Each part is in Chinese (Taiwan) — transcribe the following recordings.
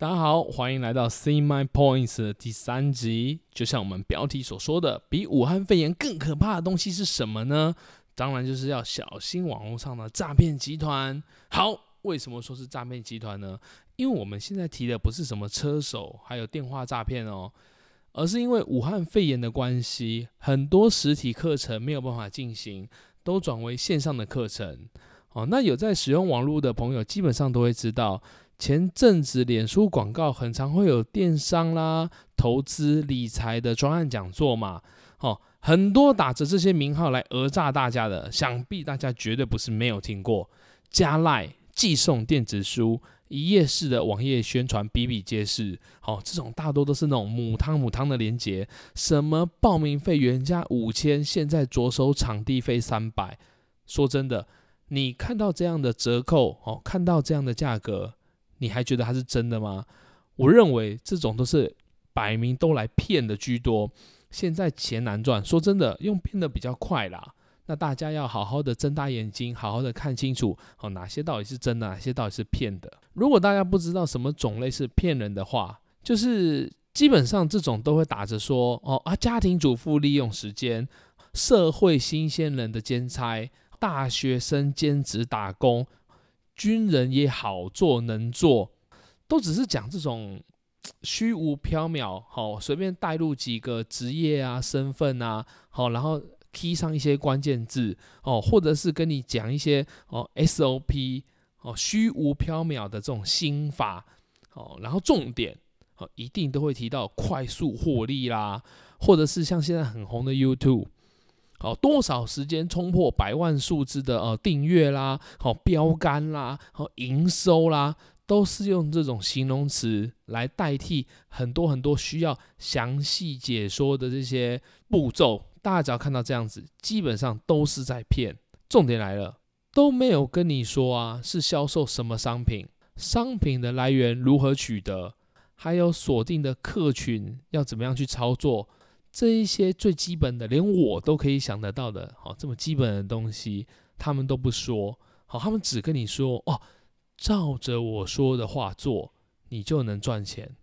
大家好，歡迎來到 See My Points 的第三集。就像我們標題所說的，比武漢肺炎更可怕的東西是什麼呢？當然就是要小心網絡上的詐騙集團。好，為什麼說是詐騙集團呢？因為我們現在提的不是什麼車手，還有電話詐騙哦，而是因為武漢肺炎的關係，很多實體課程沒有辦法進行，都轉為線上的課程。哦，那有在使用網絡的朋友，基本上都會知道。前陣子臉書廣告很常會有電商啦、投資理財的專案講座嘛，哦，很多打着這些名號來訛詐大家的，想必大家絕對不是沒有聽過。加賴寄送電子書、一頁式的網頁宣傳比比皆是，哦，這種大多都是那種母湯母湯的連接，什麼報名費原價五千，現在只收場地費三百。說真的，你看到這樣的折扣，哦，看到這樣的價格。你還覺得他是真的嗎？我認為這種都是擺明都來騙的居多。現在錢難賺，說真的，用騙的比較快啦。那大家要好好的睜大眼睛，好好的看清楚哦，哪些到底是真的，哪些到底是騙的。如果大家不知道什麼種類是騙人的話，就是基本上這種都會打着說哦啊，家庭主婦利用時間，社會新鮮人的兼差，大學生兼職打工。軍人也好做，能做，都只是講這種虛無縹緲，好隨便帶入幾個職業啊、身份啊，好，然後貼上一些關鍵字哦，或者是跟你講一些哦 SOP 哦虛無縹緲的這種心法哦，然後重點哦一定都會提到快速獲利啦，或者是像現在很紅的 YouTube。好，多少時間衝破百萬數字的呃訂閱啦，好，標杆啦，好，營收啦，都是用這種形容詞來代替很多很多需要詳細解說的這些步驟。大家只要看到這樣子，基本上都是在騙。重點來了，都沒有跟你說啊，是銷售什麼商品，商品的來源如何取得，還有鎖定的客群要怎麼樣去操作。這一些最基本的，連我都可以想得到的，好、哦，這麼基本的東西，他們都不說，好、哦，他們只跟你說，哦，照着我說的話做，你就能賺錢。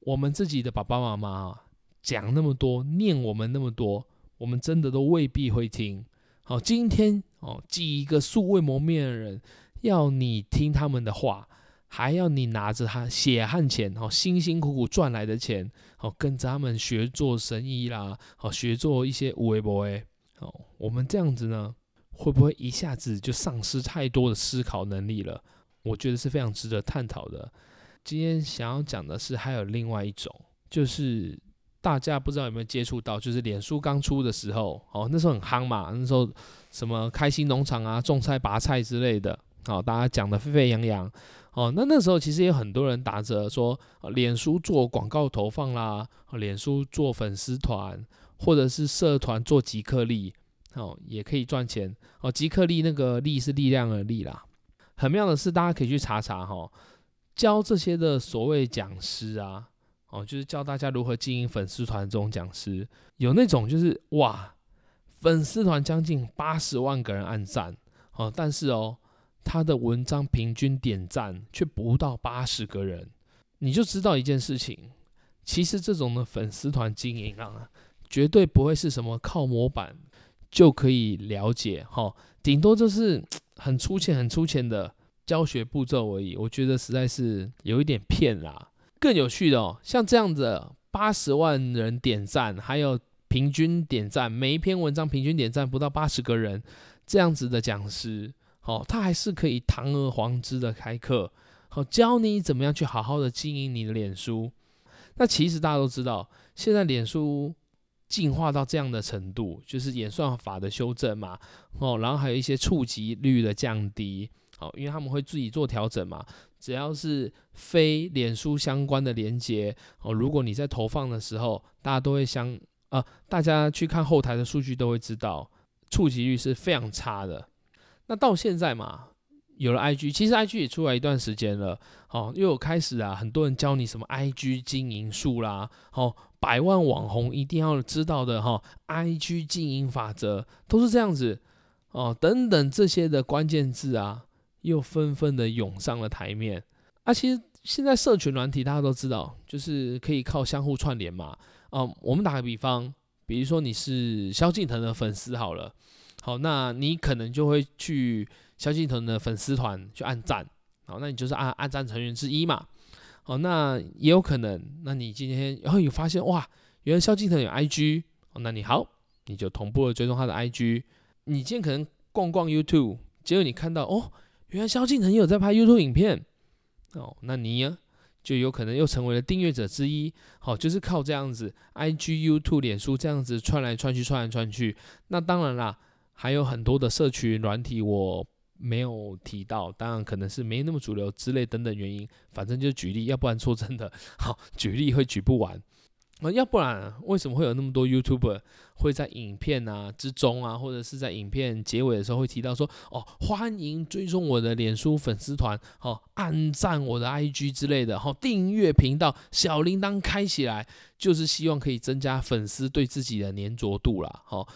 我們自己的爸爸媽媽啊，講那麼多，念我們那麼多，我們真的都未必會聽。好、哦，今天哦，記一個素未謀面的人，要你聽他們的話。還要你拿着他血汗錢，辛辛苦苦賺來的錢，跟着他們學做生意啦，好學做一些有的沒的。我們這樣子呢，會不會一下子就喪失太多的思考能力了？我覺得是非常值得探討的。今天想要講的是，還有另外一種，就是大家不知道有沒有接觸到，就是臉書剛出的時候，哦，那時候很夯嘛，那時候什麼開心農場啊、種菜拔菜之類的，好，大家講得沸沸揚揚。哦，那那時候其實也有很多人打着說臉書做廣告投放啦，臉書做粉絲團，或者是社團做集客力，哦，也可以賺錢。哦，集客力那個力是力量的力啦。很妙的是，大家可以去查查吼，哦，教這些的所謂講師啊，哦，就是教大家如何經營粉絲團這種講師，有那種就是哇，粉絲團將近八十萬個人按讚，哦，但是哦。他的文章平均點贊卻不到八十個人，你就知道一件事情，其實這種呢粉絲團經營啊，絕對不會是什麼靠模板就可以了解哈、哦，頂多就是很粗淺、很粗淺的教學步驟而已。我覺得實在是有一點騙啦。更有趣的哦，像這樣子八十萬人點贊，還有平均點贊每一篇文章平均點贊不到八十個人這樣子的講師。哦，他還是可以堂而皇之的開課，好、哦、教你怎麼樣去好好的經營你的臉書。那其實大家都知道，現在臉書進化到這樣的程度，就是演算法的修正嘛，哦，然後還有一些觸及率的降低，哦，因為他們會自己做調整嘛。只要是非臉書相關的連接，哦，如果你在投放的時候，大家都會相啊、呃，大家去看後台的數據都會知道，觸及率是非常差的。那到現在嘛，有了 IG，其實 IG 也出來一段時間了，哦，又有開始啊，很多人教你什麼 IG 經營術啦，哦，百萬網紅一定要知道的哈，哦，IG 經營法則都是這樣子，哦，等等這些的關鍵字啊，又紛紛的湧上了台面啊。其實現在社群軟體大家都知道，就是可以靠相互串聯嘛，哦，我們打個比方，比如說你是蕭敬騰的粉絲好了。好，那你可能就會去蕭敬騰的粉絲團去按讚，好，那你就是按按讚成員之一嘛。好，那也有可能，那你今天哦，有發現哇，原來蕭敬騰有 IG，那你好，你就同步的追蹤他的 IG。你今天可能逛逛 YouTube，結果你看到哦，原來蕭敬騰也有在拍 YouTube 影片，哦，那你呢，就有可能又成為了訂閱者之一。好，就是靠這樣子 IG、YouTube、臉書這樣子串來串去、串來串去。那當然啦。還有很多的社群軟體我沒有提到，當然可能是沒那麼主流之類等等原因，反正就舉例，要不然說真的，好舉例會舉不完，啊。那要不然為什麼會有那麼多 YouTuber 會在影片啊之中啊，或者是在影片結尾的時候會提到說，哦，歡迎追蹤我的臉書粉絲團，哦，好按讚我的 IG 之類的，哦，好訂閱頻道小鈴鐺開起來，就是希望可以增加粉絲對自己的黏着度啦，好。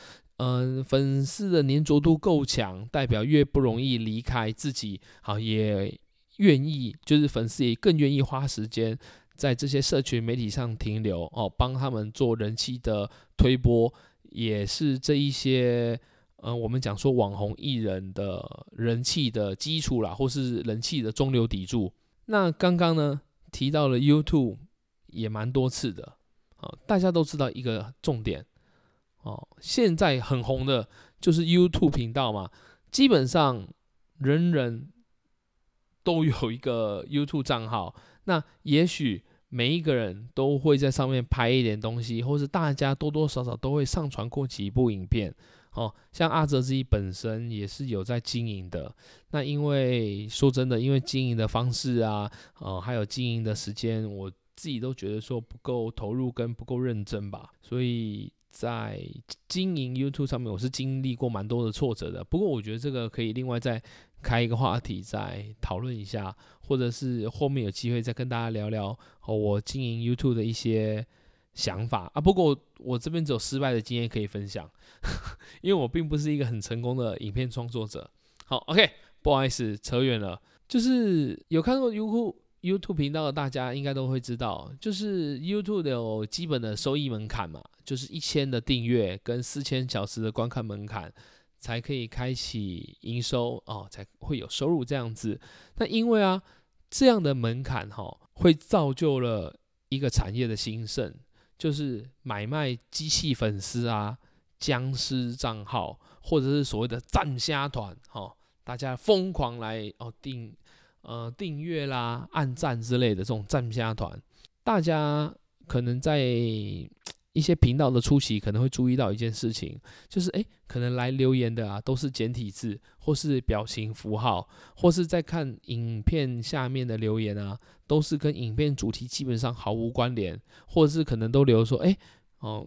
嗯、呃，粉絲的黏着度夠強，代表越不容易離開自己，好也願意，就是粉絲也更願意花時間在這些社群媒體上停留哦，幫他們做人氣的推播，也是這一些，嗯、呃，我們講說網紅藝人的人氣的基礎啦，或是人氣的中流砥柱。那剛剛呢提到了 YouTube 也蠻多次的，啊、哦，大家都知道一個重點。哦，現在很紅的就是 YouTube 頻道嘛，基本上人人都有一個 YouTube 賬號。那也許每一個人都會在上面拍一點東西，或是大家多多少少都會上傳過幾部影片。哦，像阿哲自己本身也是有在經營的。那因為說真的，因為經營的方式啊，哦，還有經營的時間，我自己都覺得說不夠投入跟不夠認真吧，所以。在經營 YouTube 上面，我是經歷過蠻多的挫折的。不過，我覺得這個可以另外再開一個話題再討論一下，或者是後面有機會再跟大家聊聊我經營 YouTube 的一些想法啊。不過我，我這邊只有失敗的經驗可以分享呵呵，因為我並不是一個很成功的影片創作者。好，OK，不好意思，扯遠了。就是有看過 YouTube YouTube 頻道的大家，應該都會知道，就是 YouTube 的有基本的收益門檻嘛。就是一千的訂閱跟四千小時的觀看門檻，才可以開啟營收哦，才會有收入這樣子。那因為啊，這樣的門檻哈、哦，會造就了一個產業的興盛，就是買賣機器粉絲啊、僵屍賬號，或者是所謂的讚蝦團哦，大家瘋狂來哦訂呃訂閱啦、按讚之類的這種讚蝦團，大家可能在。一些頻道的初期可能會注意到一件事情，就是哎，可能來留言的啊，都是簡體字，或是表情符號，或是在看影片下面的留言啊，都是跟影片主題基本上毫無關聯，或是可能都留說哎，哦，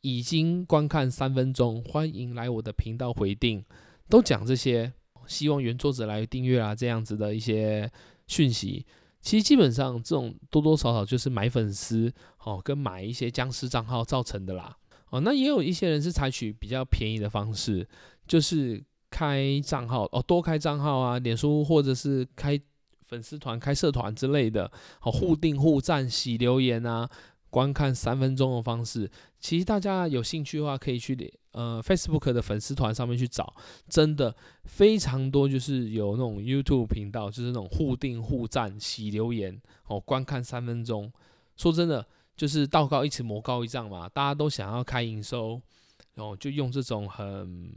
已經觀看三分鐘，歡迎來我的頻道回訂。都講這些，希望原作者來訂閱啊這樣子的一些訊息。其實基本上這種多多少少就是買粉絲哦，跟買一些僵屍賬號造成的啦。哦，那也有一些人是採取比較便宜的方式，就是開賬號哦，多開賬號啊，臉書或者是開粉絲團、開社團之類的，哦、互訂互贊、洗留言啊。觀看三分鐘的方式，其實大家有興趣的話，可以去呃 Facebook 的粉絲團上面去找，真的非常多，就是有那種 YouTube 頻道，就是那種互訂互贊、洗留言哦，觀看三分鐘。說真的，就是道高一尺，魔高一丈嘛，大家都想要開營收，然後，哦、就用這種很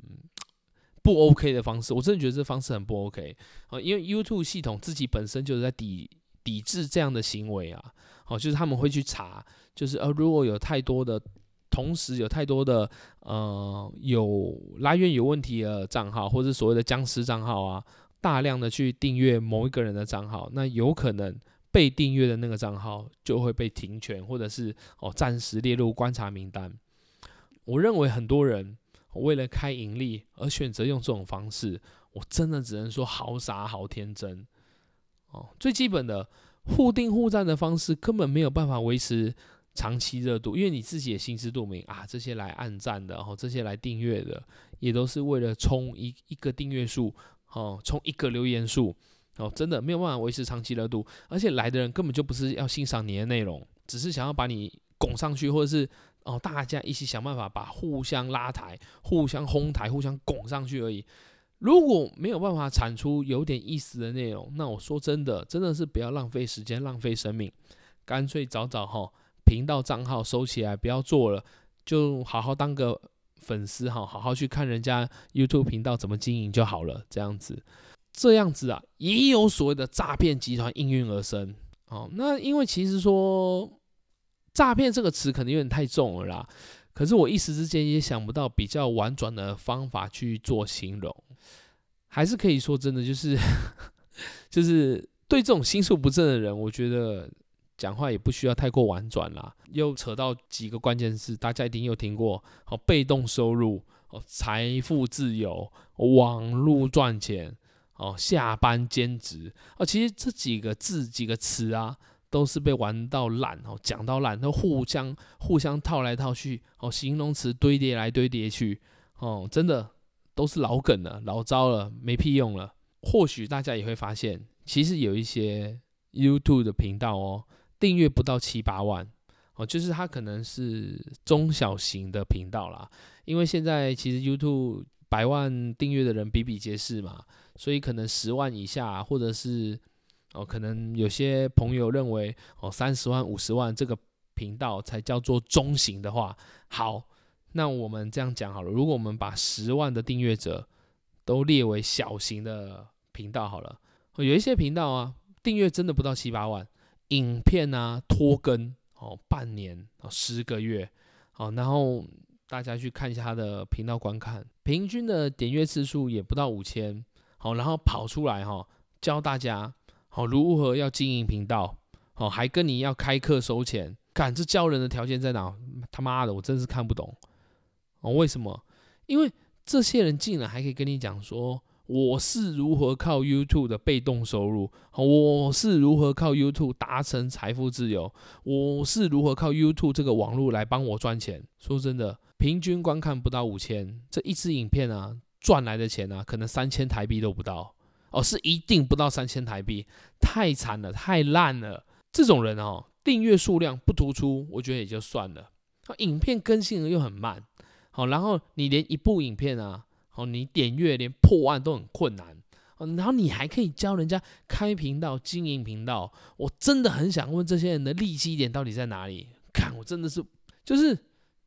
不 OK 的方式，我真的覺得這方式很不 OK，哦、因為 YouTube 系統自己本身就是在抵抵制這樣的行為啊！哦，就是他們會去查，就是呃，如果有太多的，同時有太多的呃有來源有問題的賬號，或是所謂的僵屍賬號啊，大量的去訂閱某一個人的賬號，那有可能被訂閱的那個賬號就會被停權，或者是哦暫時列入觀察名單。我認為很多人為了開盈利而選擇用這種方式，我真的只能說好傻好天真。哦，最基本的互訂互贊的方式根本沒有辦法維持長期熱度，因為你自己也心知肚明啊，這些來按贊的，吼、哦，這些來訂閱的，也都是為了衝一一個訂閱數，哦，衝一個留言數，哦，真的沒有辦法維持長期熱度，而且來的人根本就不是要欣賞你的內容，只是想要把你拱上去，或者是哦，大家一起想辦法把互相拉抬、互相哄抬、互相拱上去而已。如果沒有辦法產出有點意思的內容，那我說真的，真的是不要浪費時間，浪費生命，乾脆早早哈頻道賬號收起來，不要做了，就好好當個粉絲哈，好好去看人家 YouTube 頻道怎麼經營就好了。這樣子，這樣子啊，也有所謂的詐騙集團應運而生。哦。那因為其實說詐騙這個詞，可能有點太重了啦。可是我一時之間也想不到比較婉轉的方法去做形容，還是可以說真的，就是，就是對這種心術不正的人，我覺得講話也不需要太過婉轉啦。又扯到幾個關鍵字，大家一定有聽過：哦，被動收入，哦，財富自由，網路賺錢，哦，下班兼職，哦，其實這幾個字幾個詞啊。都是被玩到爛哦，講到爛，都互相互相套來套去哦，形容詞堆疊來堆疊去哦，真的都是老梗了、老招了，沒屁用了。或許大家也會發現，其實有一些 YouTube 的頻道哦，訂閱不到七八萬哦，就是它可能是中小型的頻道啦。因為現在其實 YouTube 百萬訂閱的人比比皆是嘛，所以可能十萬以下或者是。哦，可能有些朋友認為哦，三十萬、五十萬這個頻道才叫做中型的話，好，那我們這樣講好了。如果我們把十萬的訂閱者都列為小型的頻道好了、哦，有一些頻道啊，訂閱真的不到七八萬，影片啊拖更哦，半年、哦、十個月，好、哦，然後大家去看一下他的頻道觀看，平均的點閱次數也不到五千，好，然後跑出來哈、哦，教大家。哦，如何要經營頻道？哦，還跟你要開課收錢，看這教人的條件在哪？他媽的，我真是看不懂。哦，為什麼？因為這些人竟然還可以跟你講說，我是如何靠 YouTube 的被動收入，哦，我是如何靠 YouTube 達成財富自由，我是如何靠 YouTube 這個網絡來幫我賺錢。說真的，平均觀看不到五千，這一支影片啊，賺來的錢啊，可能三千台幣都不到。哦，是一定不到三千台幣，太慘了，太爛了。這種人哦，訂閱數量不突出，我覺得也就算了。哦、影片更新又很慢，好、哦，然後你連一部影片啊，好、哦，你點閱連破萬都很困難、哦，然後你還可以教人家開頻道、經營頻道，我真的很想問這些人的利基一點到底在哪裡？看，我真的是就是。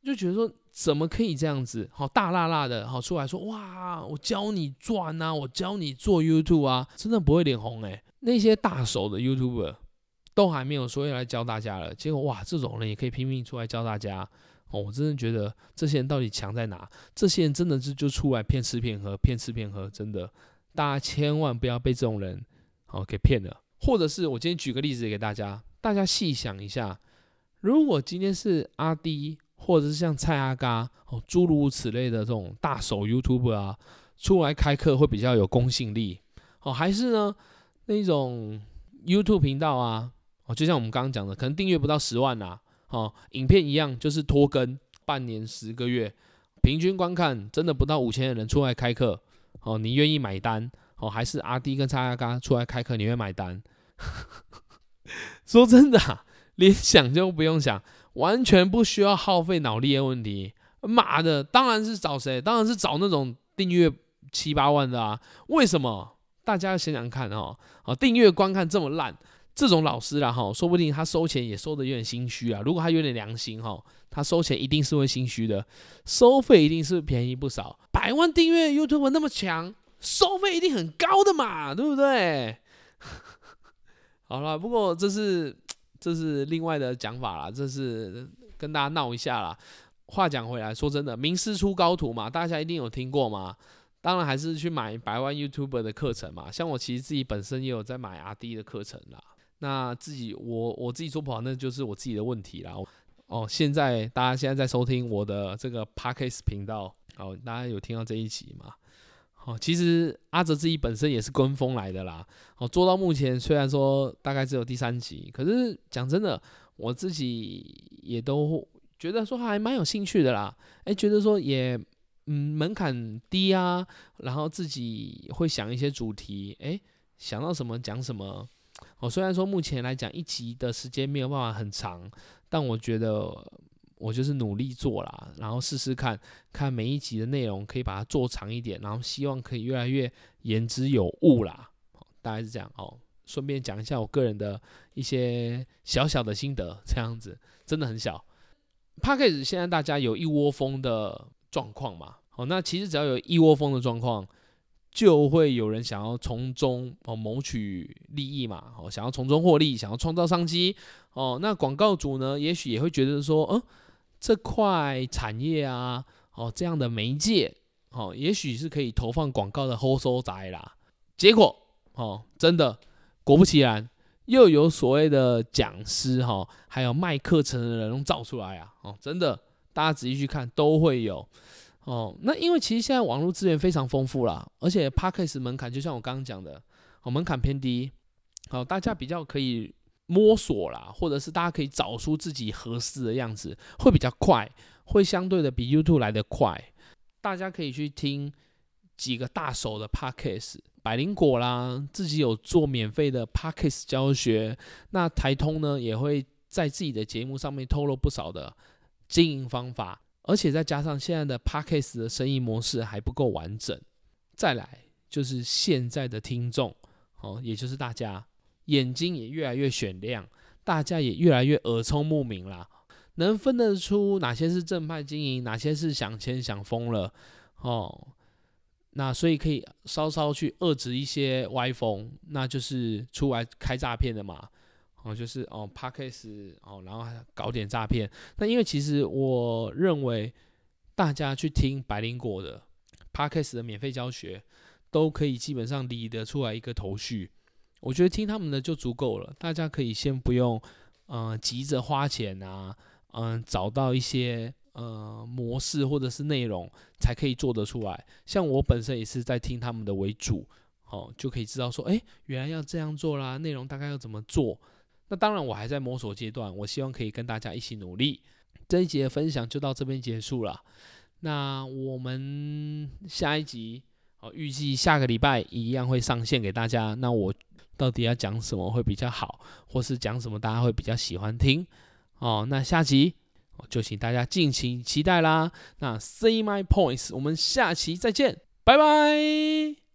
就覺得說，怎麼可以這樣子好，大剌剌的好，出來說，哇，我教你賺啊，我教你做 YouTube 啊，真的不會臉紅？哎、欸、那些大手的 YouTuber 都還沒有說要來教大家了，結果哇，這種人也可以拼命出來教大家哦，我真的覺得這些人到底強在哪？這些人真的是就出來騙吃騙喝、騙吃騙喝，真的大家千萬不要被這種人哦給騙了，或者是我今天舉個例子給大家，大家細想一下，如果今天是阿滴。或者是像蔡阿嘎哦，諸如此類的這種大手 YouTube 啊，出來開課會比較有公信力哦，還是呢那種 YouTube 頻道啊哦，就像我們剛剛講的，可能訂閱不到十萬吶、啊，哦，影片一樣就是拖更半年十個月，平均觀看真的不到五千的人出來開課哦，你願意買單哦？還是阿 D 跟蔡阿嘎出來開課，你會買單？ 說真的、啊，連想就不用想。完全不需要耗費腦力的問題，媽的，當然是找誰？當然是找那種訂閱七八萬的啊！為什麼？大家想想看哦，啊，訂閱觀看這麼爛，這種老師了哈，說不定他收錢也收的有點心虛啊。如果他有點良心哈，他收錢一定是會心虛的，收費一定是便宜不少。百萬訂閱 YouTube 那麼強，收費一定很高的嘛，對不對？好了，不過這是。這是另外的講法啦，這是跟大家鬧一下啦。話講回來，說真的，名師出高徒嘛，大家一定有聽過嘛。當然還是去買百萬 YouTuber 的課程嘛。像我其實自己本身也有在買阿滴的課程啦。那自己我我自己做不好，那就是我自己的問題啦。哦，現在大家現在在收聽我的這個 Podcast 頻道，好，大家有聽到這一集嗎？哦，其實阿哲自己本身也是跟風來的啦。哦，做到目前雖然說大概只有第三集，可是講真的，我自己也都覺得說還蠻有興趣的啦。誒，覺得說也嗯門檻低啊，然後自己會想一些主題，誒想到什麼講什麼。哦，雖然說目前來講一集的時間沒有辦法很長，但我覺得。我就是努力做啦，然後試試看看每一集的內容，可以把它做長一點，然後希望可以越來越言之有物啦。哦，大概是這樣哦。順便講一下我個人的一些小小的心得，這樣子真的很小。p a c k e 現在大家有一窩蜂的狀況嘛。哦，那其實只要有一窩蜂的狀況，就會有人想要從中哦謀取利益嘛，哦，想要從中獲利，想要創造商機哦。那廣告主呢，也許也會覺得說，嗯。這塊產業啊，哦，這樣的媒介，哦，也許是可以投放廣告的齁收宅啦。結果，哦，真的，果不其然，又有所謂的講師哈，哦，還有賣課程的人能造出來啊，哦，真的，大家仔細去看都會有。哦，那因為其實現在網絡資源非常豐富啦，而且 Podcast 門檻就像我剛剛講的，哦，門檻偏低，哦，大家比較可以。摸索啦，或者是大家可以找出自己合適的樣子，會比較快，會相對的比 YouTube 來得快。大家可以去聽幾個大手的 Podcast，百靈果啦，自己有做免費的 Podcast 教學。那台通呢，也會在自己的節目上面透露不少的經營方法，而且再加上現在的 Podcast 的生意模式還不夠完整。再來就是現在的聽眾，哦，也就是大家。眼睛也越來越雪亮，大家也越來越耳聰目明了，能分得出哪些是正派經營，哪些是想錢想瘋了哦。那所以可以稍稍去遏制一些歪風，那就是出來開詐騙的嘛，哦，就是哦 Podcast 哦，然後還搞點詐騙。那因為其實我認為，大家去聽百靈果的 Podcast 的免費教學，都可以基本上理得出來一個頭緒。我覺得聽他們的就足夠了，大家可以先不用，嗯、呃，急着花錢啊，嗯、呃，找到一些嗯、呃、模式或者是內容才可以做得出來。像我本身也是在聽他們的為主，好、哦，就可以知道說，誒，原來要這樣做啦，內容大概要怎麼做。那當然我還在摸索階段，我希望可以跟大家一起努力。這一集的分享就到這邊結束了，那我們下一集，哦，預計下個禮拜一樣會上線給大家。那我。到底要講什麼會比較好，或是講什麼大家會比較喜歡聽哦？那下集就請大家敬請期待啦！那 say my points，我們下期再見，拜拜。